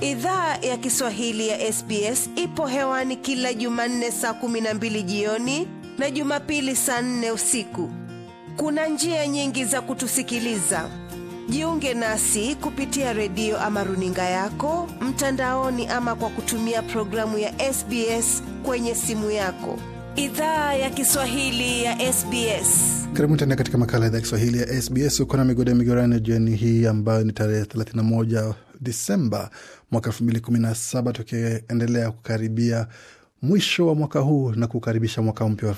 Idhaa ya Kiswahili ya SBS ipo hewani kila Jumanne saa kumi na mbili jioni na Jumapili saa nne usiku. Kuna njia nyingi za kutusikiliza. Jiunge nasi kupitia redio ama runinga yako mtandaoni, ama kwa kutumia programu ya SBS kwenye simu yako. Idhaa ya Kiswahili ya SBS. Karibu tena katika makala ya idhaa ya Kiswahili ya SBS. Uko na Migodo ya jioni hii ambayo ni tarehe 31 Disemba mwaka saba tukiendelea kukaribia mwisho wa mwaka huu na kukaribisha mwaka mpya wa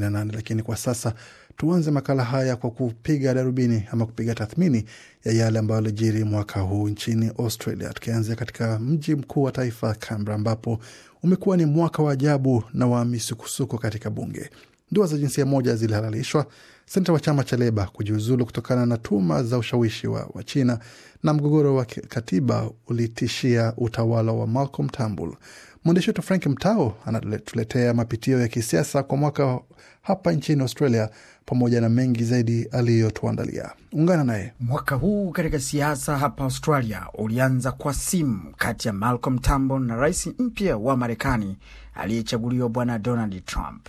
nane Lakini kwa sasa tuanze makala haya kwa kupiga darubini ama kupiga tathmini ya yale ambayo alijiri mwaka huu nchini Australia, tukianzia katika mji mkuu wa taifa Canberra, ambapo umekuwa ni mwaka wa ajabu na wa misukosuko katika bunge. Ndoa za jinsia moja zilihalalishwa senta wa chama cha Leba kujiuzulu kutokana na tuma za ushawishi wa, wa China na mgogoro wa katiba ulitishia utawala wa Malcolm Turnbull. Mwandishi wetu Frank Mtao anatuletea mapitio ya kisiasa kwa mwaka hapa nchini Australia, pamoja na mengi zaidi aliyotuandalia. Ungana naye. Mwaka huu katika siasa hapa Australia ulianza kwa simu kati ya Malcolm Turnbull na rais mpya wa Marekani aliyechaguliwa Bwana Donald Trump.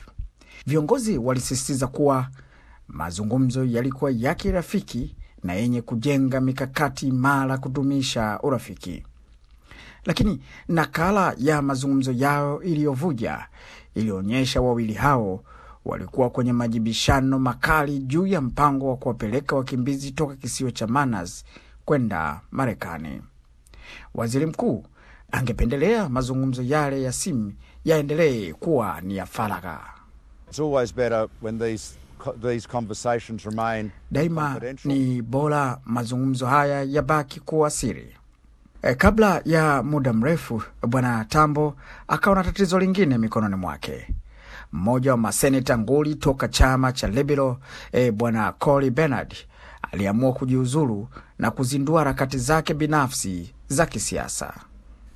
Viongozi walisisitiza kuwa Mazungumzo yalikuwa ya kirafiki na yenye kujenga mikakati mara kudumisha urafiki. Lakini nakala ya mazungumzo yao iliyovuja ilionyesha wawili hao walikuwa kwenye majibishano makali juu ya mpango wa kuwapeleka wakimbizi toka kisiwa cha Manas kwenda Marekani. Waziri mkuu angependelea mazungumzo yale ya simu yaendelee kuwa ni ya faragha these conversations remain daima ni bora mazungumzo haya yabaki kuwa siri. E, kabla ya muda mrefu Bwana Tambo akawa na tatizo lingine mikononi mwake. Mmoja wa maseneta nguli toka chama cha Liberal e, Bwana coli Bernard aliamua kujiuzulu na kuzindua harakati zake binafsi za kisiasa.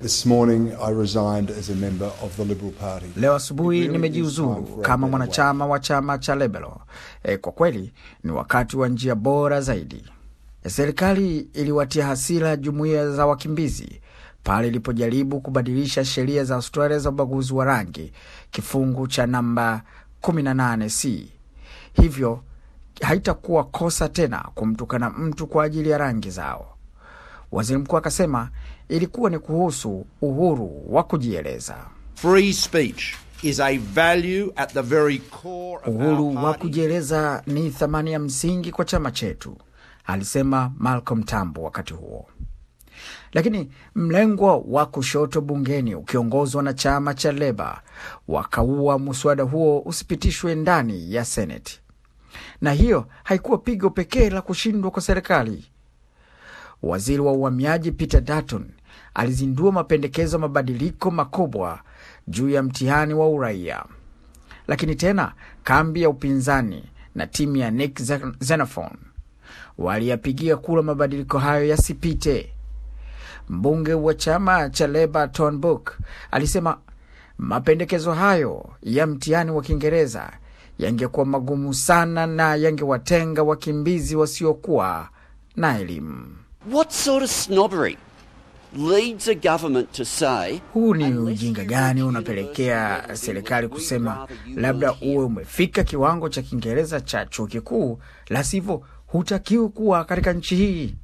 This morning I resigned as a member of the Liberal Party. Leo asubuhi really nimejiuzuru kama mwanachama wa chama cha Liberal. E, kwa kweli ni wakati wa njia bora zaidi. E, serikali iliwatia hasira jumuiya za wakimbizi pale ilipojaribu kubadilisha sheria za Australia za ubaguzi wa rangi kifungu cha namba 18c. Hivyo haitakuwa kosa tena kumtukana mtu kwa ajili ya rangi zao. Waziri mkuu akasema ilikuwa ni kuhusu uhuru wa kujieleza. Free speech is a value at the very core uhuru wa kujieleza ni thamani ya msingi kwa chama chetu, alisema Malcolm Tambo wakati huo. Lakini mlengwa wa kushoto bungeni ukiongozwa na chama cha Leba wakaua muswada huo usipitishwe ndani ya Seneti, na hiyo haikuwa pigo pekee la kushindwa kwa serikali. Waziri wa uhamiaji Peter Dutton alizindua mapendekezo ya mabadiliko makubwa juu ya mtihani wa uraia. Lakini tena kambi ya upinzani na timu ya Nick Xenophon waliyapigia kula mabadiliko hayo yasipite. Mbunge wa chama cha Leba tonbook alisema mapendekezo hayo ya mtihani wa Kiingereza yangekuwa magumu sana na yangewatenga wakimbizi wasiokuwa na elimu. What sort of snobbery leads a government to say, huu ni ujinga gani unapelekea serikali kusema labda uwe umefika kiwango cha Kiingereza cha chuo kikuu, la sivyo hutakiwi kuwa katika nchi hii.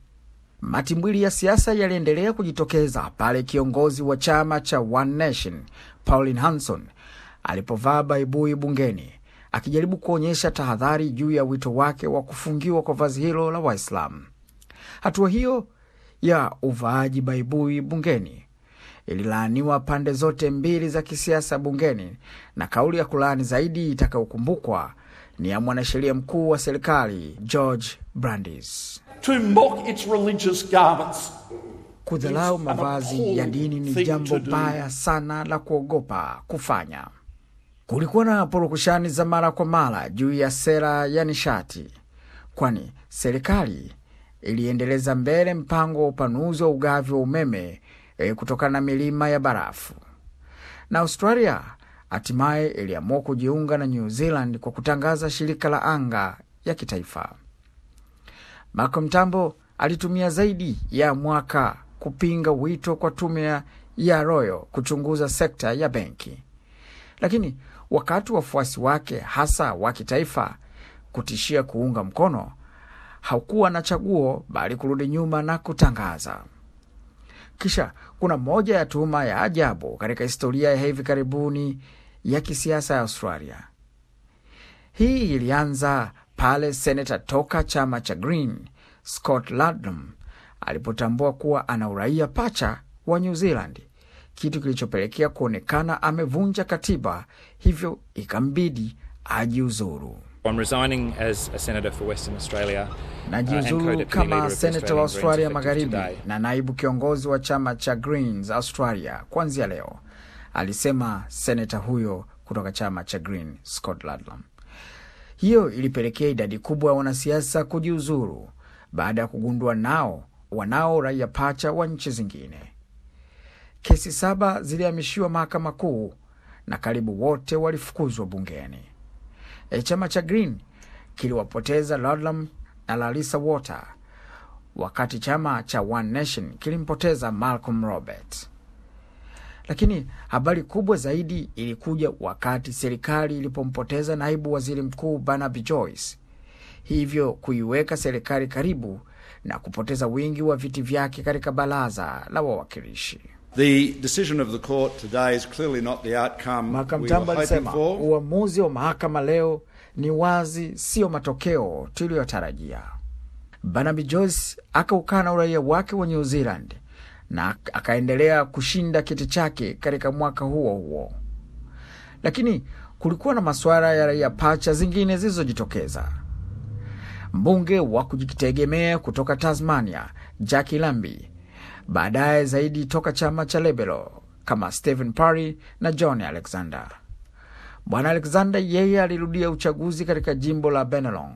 Matimbwili ya siasa yaliendelea kujitokeza pale kiongozi wa chama cha One Nation Pauline Hanson alipovaa baibui bungeni akijaribu kuonyesha tahadhari juu ya wito wake wa kufungiwa kwa vazi hilo la Waislamu. Hatua hiyo ya uvaaji baibui bungeni ililaaniwa pande zote mbili za kisiasa bungeni, na kauli ya kulaani zaidi itakayokumbukwa ni ya mwanasheria mkuu wa serikali George Brandis. Kudharau mavazi ya dini ni jambo baya sana la kuogopa kufanya. Kulikuwa na purukushani za mara kwa mara juu ya sera ya nishati, kwani serikali iliendeleza mbele mpango wa upanuzi wa ugavi wa umeme e, kutokana na milima ya barafu. Na Australia hatimaye iliamua kujiunga na New Zealand kwa kutangaza shirika la anga ya kitaifa. Malcolm mtambo alitumia zaidi ya mwaka kupinga wito kwa tume ya royo kuchunguza sekta ya benki, lakini wakati wafuasi wake hasa wa kitaifa kutishia kuunga mkono hakuwa na chaguo bali kurudi nyuma na kutangaza. Kisha kuna moja ya tuhuma ya ajabu katika historia ya hivi karibuni ya kisiasa ya Australia. Hii ilianza pale seneta toka chama cha Green Scott ladnam alipotambua kuwa ana uraia pacha wa New Zealand, kitu kilichopelekea kuonekana amevunja katiba, hivyo ikambidi ajiuzuru. Najiuzulu kama senata wa Australia Magharibi na naibu kiongozi wa chama cha Greens Australia kuanzia leo, alisema senata huyo kutoka chama cha Green Scott ladlam Hiyo ilipelekea idadi kubwa ya wanasiasa kujiuzuru baada ya kugundua nao wanao raia pacha wa nchi zingine. Kesi saba zilihamishiwa mahakama kuu na karibu wote walifukuzwa bungeni e, chama cha Green kiliwapoteza Ludlam na larissa Water, wakati chama cha One Nation kilimpoteza Malcolm Robert. Lakini habari kubwa zaidi ilikuja wakati serikali ilipompoteza naibu waziri mkuu Barnaby Joyce, hivyo kuiweka serikali karibu na kupoteza wingi wa viti vyake katika baraza la wawakilishi. Makamtamba alisema uamuzi wa mahakama leo ni wazi, siyo matokeo tuliyotarajia. Barnaby Joyce akaukana uraia wake wa New Zealand na akaendelea kushinda kiti chake katika mwaka huo huo, lakini kulikuwa na masuala ya raia pacha zingine zilizojitokeza. Mbunge wa kujitegemea kutoka Tasmania Jackie Lambie baadaye zaidi toka chama cha Lebelo kama Stephen Parry na John Alexander. Bwana Alexander yeye alirudia uchaguzi katika jimbo la Benelong,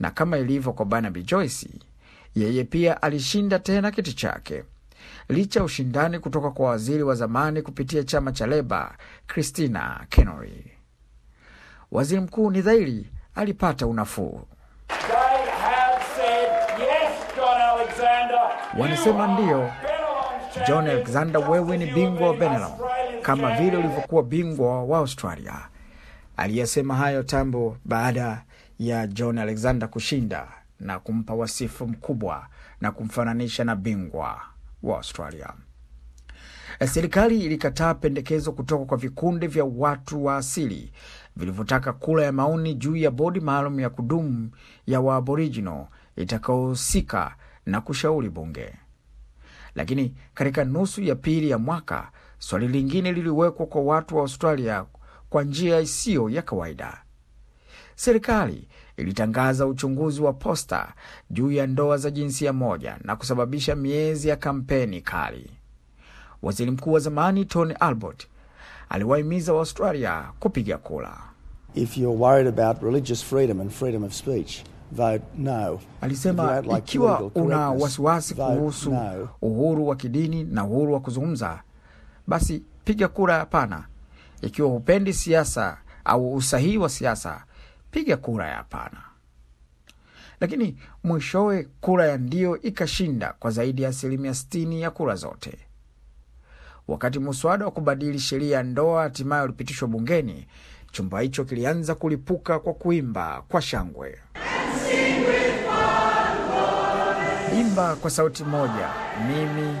na kama ilivyo kwa Barnaby Joyce, yeye pia alishinda tena kiti chake licha ushindani kutoka kwa waziri wa zamani kupitia chama cha Leba Christina Kennery. Waziri mkuu ni dhairi alipata unafuu. Yes, John Alexander wanasema ndiyo, John Alexander, wewe ni bingwa wa benelo kama vile ulivyokuwa bingwa wa Australia. Aliyesema hayo Tambo baada ya John Alexander kushinda na kumpa wasifu mkubwa na kumfananisha na bingwa wa Australia. Serikali ilikataa pendekezo kutoka kwa vikundi vya watu wa asili vilivyotaka kura ya maoni juu ya bodi maalum ya kudumu ya Waaboriginal itakaohusika na kushauri bunge. Lakini katika nusu ya pili ya mwaka, swali lingine liliwekwa kwa watu wa Australia kwa njia isiyo ya kawaida. Serikali ilitangaza uchunguzi wa posta juu ya ndoa za jinsia moja na kusababisha miezi ya kampeni kali. Waziri mkuu wa zamani Tony albert aliwahimiza Waaustralia kupiga kula If you're worried about religious freedom and freedom of speech Alisema ikiwa una wasiwasi kuhusu uhuru wa kidini na uhuru wa kuzungumza, basi piga kura hapana. Ikiwa hupendi siasa au usahihi wa siasa, piga kura ya hapana. Lakini mwishowe kura ya ndio ikashinda kwa zaidi ya asilimia 60 ya kura zote. Wakati muswada wa kubadili sheria ya ndoa hatimaye ulipitishwa bungeni, chumba hicho kilianza kulipuka kwa kuimba kwa shangwe. kwamba kwa sauti moja, mimi,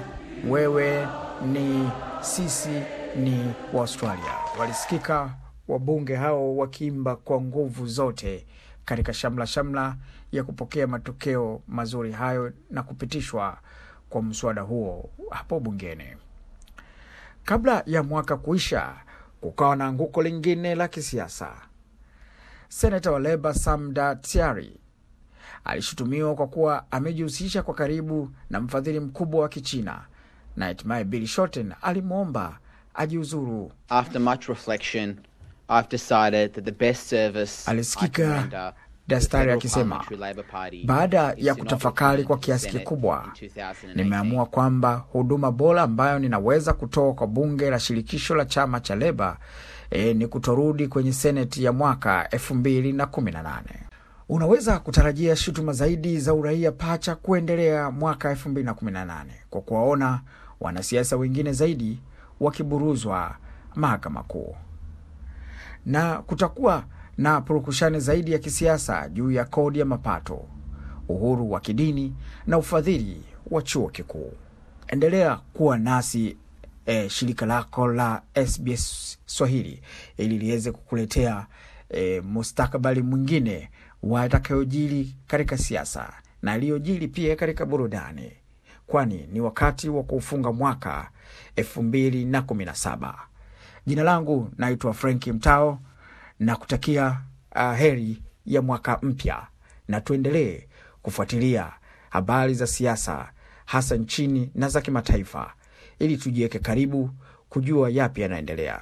wewe, ni sisi, ni Waustralia. Walisikika wabunge hao wakiimba kwa nguvu zote katika shamla shamla ya kupokea matokeo mazuri hayo na kupitishwa kwa mswada huo hapo bungeni kabla ya mwaka kuisha. Kukawa na anguko lingine la kisiasa. Senata wa Leba Sam Datyari alishutumiwa kwa kuwa amejihusisha kwa karibu na mfadhili mkubwa wa Kichina na hatimaye Bill Shorten alimwomba ajiuzuru. alisikika Dastari akisema, baada ya kutafakari kwa kiasi kikubwa, nimeamua kwamba huduma bora ambayo ninaweza kutoa kwa bunge la shirikisho la chama cha Leba e, eh, ni kutorudi kwenye seneti ya mwaka 218 unaweza kutarajia shutuma zaidi za uraia pacha kuendelea mwaka 218 kwa kuwaona wanasiasa wengine zaidi wakiburuzwa mahakama kuu, na kutakuwa na purukushani zaidi ya kisiasa juu ya kodi ya mapato, uhuru wa kidini na ufadhili wa chuo kikuu. Endelea kuwa nasi e, shirika lako la SBS Swahili ili liweze kukuletea e, mustakabali mwingine watakayojiri katika siasa na yaliyojiri pia katika burudani, kwani ni wakati wa kuufunga mwaka 217 Jina langu naitwa Franki Mtao na kutakia uh, heri ya mwaka mpya, na tuendelee kufuatilia habari za siasa hasa nchini na za kimataifa, ili tujiweke karibu kujua yapi yanaendelea.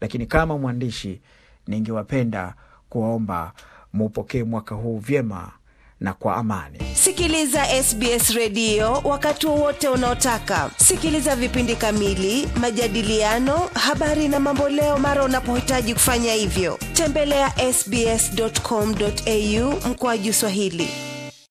Lakini kama mwandishi, ningewapenda kuwaomba muupokee mwaka huu vyema na kwa amani. Sikiliza SBS redio wakati wowote unaotaka. Sikiliza vipindi kamili, majadiliano, habari na mamboleo mara unapohitaji kufanya hivyo. Tembelea ya sbs.com.au mkoaji Swahili.